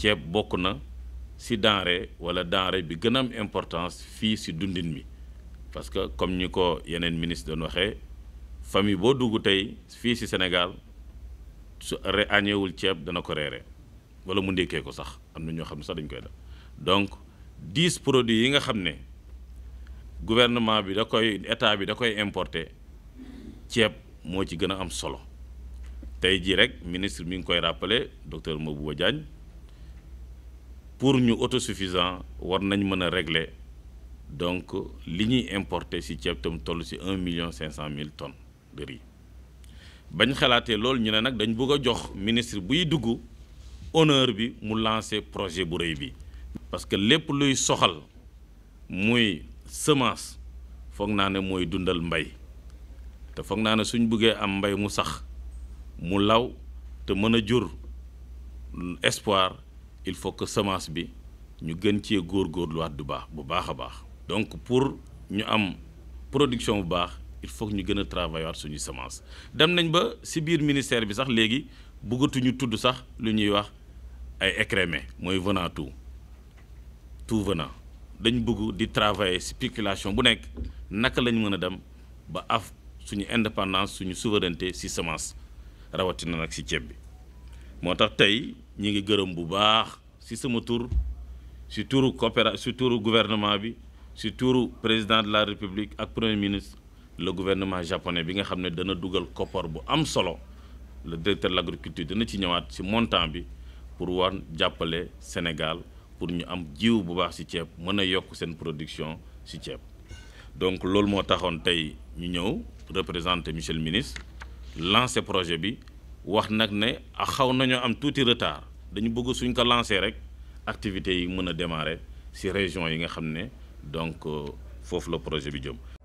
ceeb bokk na si denrée wala denrée bi gën a am importance fii si dundin bi parce que comme ni ko yeneen ministre doon waxee famille boo dugg tey fii si Sénégal su re añeewul ceeb dana ko reere wala mu ndékkee ko sax am na ñoo xam ne sax dañ koy def donc dix produits yi nga xam ne gouvernement bi da koy état bi da koy importer ceeb moo ci gën a am solo tey jii rek ministre mi ngi koy rappelé docteur Mabouba Diagne pour ñu autosuffisant war nañ mëna régler donc li importer ci ceeb tam toll ci 1 500 000 tonnes de riz bañ xalaatee lool ñu né nak dañ bëgg jox ministre buy dugg honneur bi mu lancer projet bu reuy bi. parce que lepp luy soxal muy semence foog naa ne dundal mbay te foog naa suñ bëggee am mbay mu sax mu law te mëna jur espoir il faut que semence bi ñu gën cee góorgóorluwaat du baax bu baax a baax donc pour ñu am production bu baax il faut ñu gën a travailler suñu semence dem nañ ba si biir ministère bi sax léegi bëggatuñu tudd sax lu ñuy wax ay écrémé mooy venant tout tout venant dañ bëgg di travailler si spéculation bu nekk naka lañ mën a dem ba af suñu indépendance suñu souveraineté si semence rawatina nag si ceeb bi moo tax tey ñi ngi gërëm bu baax si sama tur si turu si turu gouvernement bi si turu président de la république ak premier ministre le gouvernement japonais bi nga xam ne dana dugal copor bu am solo le directeur de l'agriculture dana ci ñëwaat si montant bi pour voir jàppale Sénégal pour ñu am jiw bu baax si ceeb mën a yokk production si ceeb donc l'homme moo taxoon tay ñu ñëw représenter monsieur le ministre lancer projet bi wax nag ne xaw nañoo am tuuti retard dañu bëgg suñ ko lancé rek activité yi mën a démarrer si région yi nga xam ne donc euh, foofu la projet bi jëm